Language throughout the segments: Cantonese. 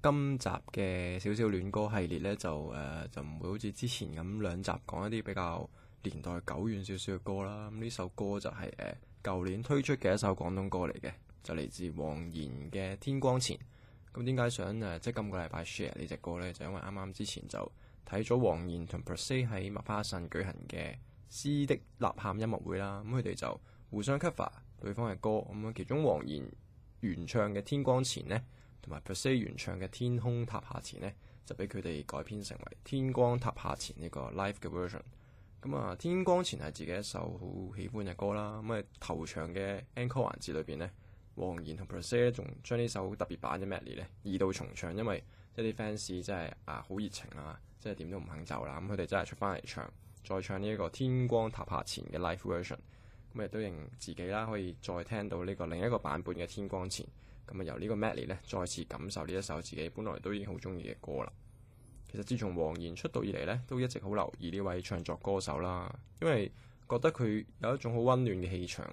今集嘅小小戀歌系列咧，就誒、呃、就唔會好似之前咁兩集講一啲比較年代久遠少少嘅歌啦。咁、嗯、呢首歌就係誒舊年推出嘅一首廣東歌嚟嘅，就嚟自黃妍嘅《天光前》。咁點解想誒即係今個禮拜 share 呢隻歌咧？就因為啱啱之前就睇咗黃妍同 Perse 喺麥花臣舉行嘅詩的吶喊音樂會啦。咁佢哋就互相 cover 對方嘅歌。咁、嗯、樣其中黃妍原唱嘅《天光前》咧。同埋 per se 原唱嘅天空塌下前咧，就俾佢哋改編成為天光塌下前呢，這個 live 嘅 version。咁、嗯、啊，天光前係自己一首好喜歡嘅歌啦。咁、嗯、啊，頭場嘅 encore 環節裏邊咧，黃妍同 per se 咧仲將呢首特別版嘅 melody 咧二度重唱，因為即係啲 fans 真係啊好熱情啊，即係點都唔肯走啦。咁佢哋真係出翻嚟唱，再唱呢、這、一個天光塌下前嘅 live version。咁、嗯、亦都認自己啦，可以再聽到呢個另一個版本嘅天光前。咁啊，由呢個 m a t l y 咧再次感受呢一首自己本來都已經好中意嘅歌啦。其實自從黃妍出道以嚟咧，都一直好留意呢位唱作歌手啦，因為覺得佢有一種好溫暖嘅氣場，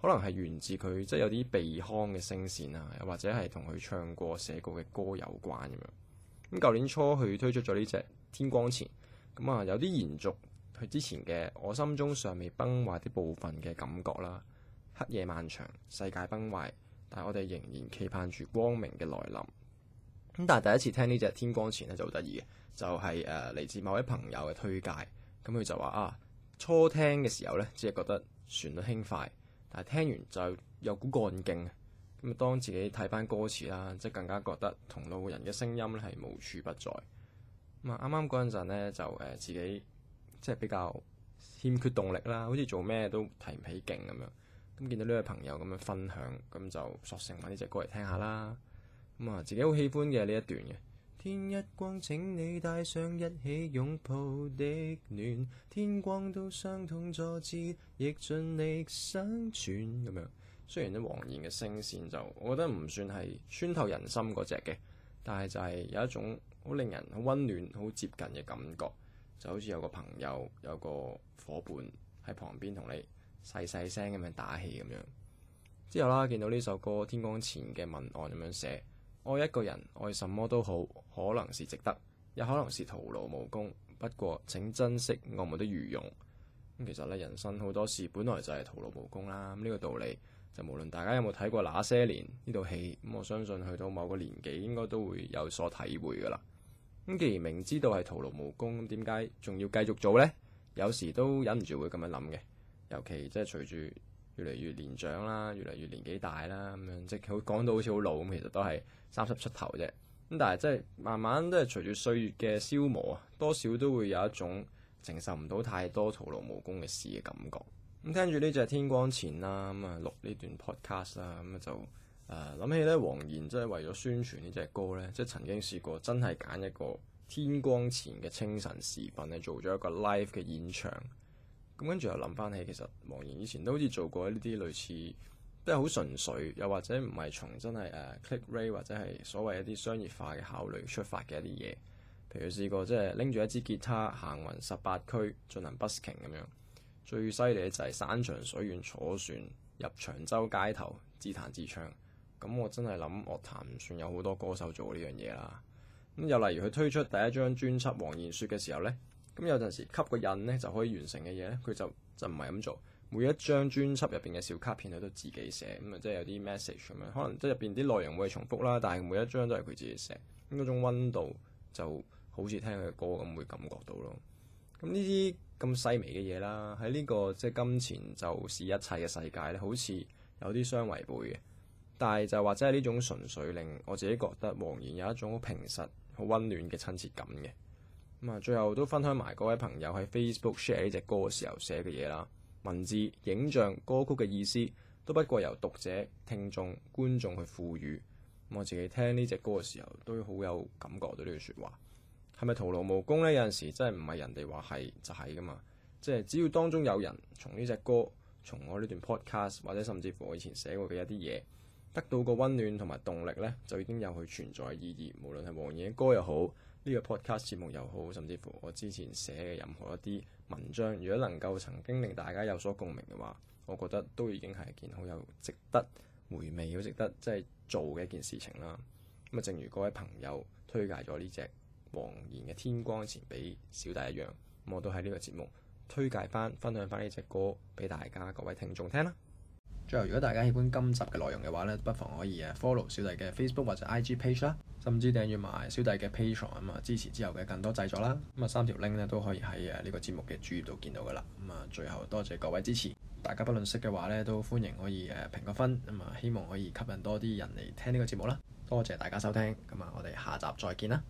可能係源自佢即係有啲鼻腔嘅聲線啊，又或者係同佢唱過寫過嘅歌有關咁樣。咁舊年初佢推出咗呢隻《天光前》，咁啊有啲延續佢之前嘅《我心中尚未崩壞》啲部分嘅感覺啦。黑夜漫長，世界崩壞。但係我哋仍然期盼住光明嘅來臨。咁但係第一次聽呢隻《天光前》咧就好得意嘅，就係誒嚟自某位朋友嘅推介。咁、嗯、佢就話啊，初聽嘅時候咧,只係覺得旋律輕快，但係聽完就有股幹勁。咁、嗯、當自己睇翻歌詞啦，即係更加覺得同路人嘅聲音咧係無處不在。咁啊啱啱嗰陣咧就誒、呃、自己即係比較欠缺動力啦，好似做咩都提唔起勁咁樣。咁見到呢位朋友咁樣分享，咁就索性搵呢隻歌嚟聽下啦。咁啊，自己好喜歡嘅呢一段嘅。天一光，請你帶上一起擁抱的暖，天光多傷痛挫折，亦盡力生存。咁樣雖然啲黃妍嘅聲線就，我覺得唔算係穿透人心嗰隻嘅，但係就係有一種好令人好溫暖、好接近嘅感覺，就好似有個朋友、有個伙伴喺旁邊同你。細細聲咁樣打氣咁樣之後啦，見到呢首歌《天光前》嘅文案咁樣寫：愛一個人，愛什麼都好，可能是值得，也可能是徒勞無功。不過，請珍惜我們的愚容愚勇咁。其實咧，人生好多事本來就係徒勞無功啦。呢、嗯，這個道理就無論大家有冇睇過《那些年》呢套戲，咁、嗯、我相信去到某個年紀應該都會有所體會噶啦。咁、嗯、既然明知道係徒勞無功，點解仲要繼續做呢？有時都忍唔住會咁樣諗嘅。尤其即係隨住越嚟越年長啦，越嚟越年紀大啦，咁樣即係佢講到好似好老咁，其實都係三十出頭啫。咁但係即係慢慢都係隨住歲月嘅消磨啊，多少都會有一種承受唔到太多徒勞無功嘅事嘅感覺。咁、嗯、聽住呢隻《天光前》啦，咁、嗯、啊錄呢段 Podcast 啦，咁、嗯、就誒諗、呃、起咧，黃妍真係為咗宣傳呢隻歌咧，即係曾經試過真係揀一個天光前嘅清晨時分嚟做咗一個 live 嘅演唱。咁跟住又諗翻起，其實黃妍以前都好似做過呢啲類似，都係好純粹，又或者唔係從真係誒、uh, click rate 或者係所謂一啲商業化嘅考慮出發嘅一啲嘢。譬如試過即係拎住一支吉他行雲十八區進行 busking 咁樣，最犀利嘅就係山長水遠坐船入長洲街頭自彈自唱。咁、嗯、我真係諗樂壇唔算有好多歌手做呢樣嘢啦。咁、嗯、又例如佢推出第一張專輯《黃妍說》嘅時候呢。咁有陣時，吸個印咧就可以完成嘅嘢咧，佢就就唔係咁做。每一張專輯入邊嘅小卡片佢都自己寫，咁啊，即係有啲 message 咁樣。可能即係入邊啲內容會係重複啦，但係每一張都係佢自己寫。咁嗰種温度就好似聽佢嘅歌咁，會感覺到咯。咁呢啲咁細微嘅嘢啦，喺呢個即係金錢就是一切嘅世界咧，好似有啲相違背嘅。但係就或者係呢種純粹令我自己覺得，黃妍有一種好平實、好温暖嘅親切感嘅。咁啊，最後都分享埋各位朋友喺 Facebook share 呢隻歌嘅時候寫嘅嘢啦，文字、影像、歌曲嘅意思都不過由讀者、聽眾、觀眾去賦予。嗯。我自己聽呢隻歌嘅時候，都好有感覺到呢句説話，係咪徒勞無功呢？有陣時真係唔係人哋話係就係、是、噶嘛，即係只要當中有人從呢隻歌、從我呢段 Podcast 或者甚至乎我以前寫過嘅一啲嘢得到個温暖同埋動力呢，就已經有佢存在意義。無論係黃妍嘅歌又好。呢個 podcast 節目又好，甚至乎我之前寫嘅任何一啲文章，如果能夠曾經令大家有所共鳴嘅話，我覺得都已經係一件好有值得回味，好值得即係、就是、做嘅一件事情啦。咁啊，正如各位朋友推介咗呢隻黃妍嘅《天光前》俾小弟一樣，我都喺呢個節目推介返、分享返呢隻歌俾大家各位聽眾聽啦。最後，如果大家喜歡今集嘅內容嘅話咧，不妨可以誒 follow 小弟嘅 Facebook 或者 IG page 啦，甚至訂閱埋小弟嘅 Patreon 啊，支持之後嘅更多製作啦。咁啊，三條 link 咧都可以喺誒呢個節目嘅主頁度見到噶啦。咁啊，最後多謝，謝各位支持，大家不論識嘅話咧，都歡迎可以誒評個分，咁啊，希望可以吸引多啲人嚟聽呢個節目啦。多謝大家收聽，咁啊，我哋下集再見啦。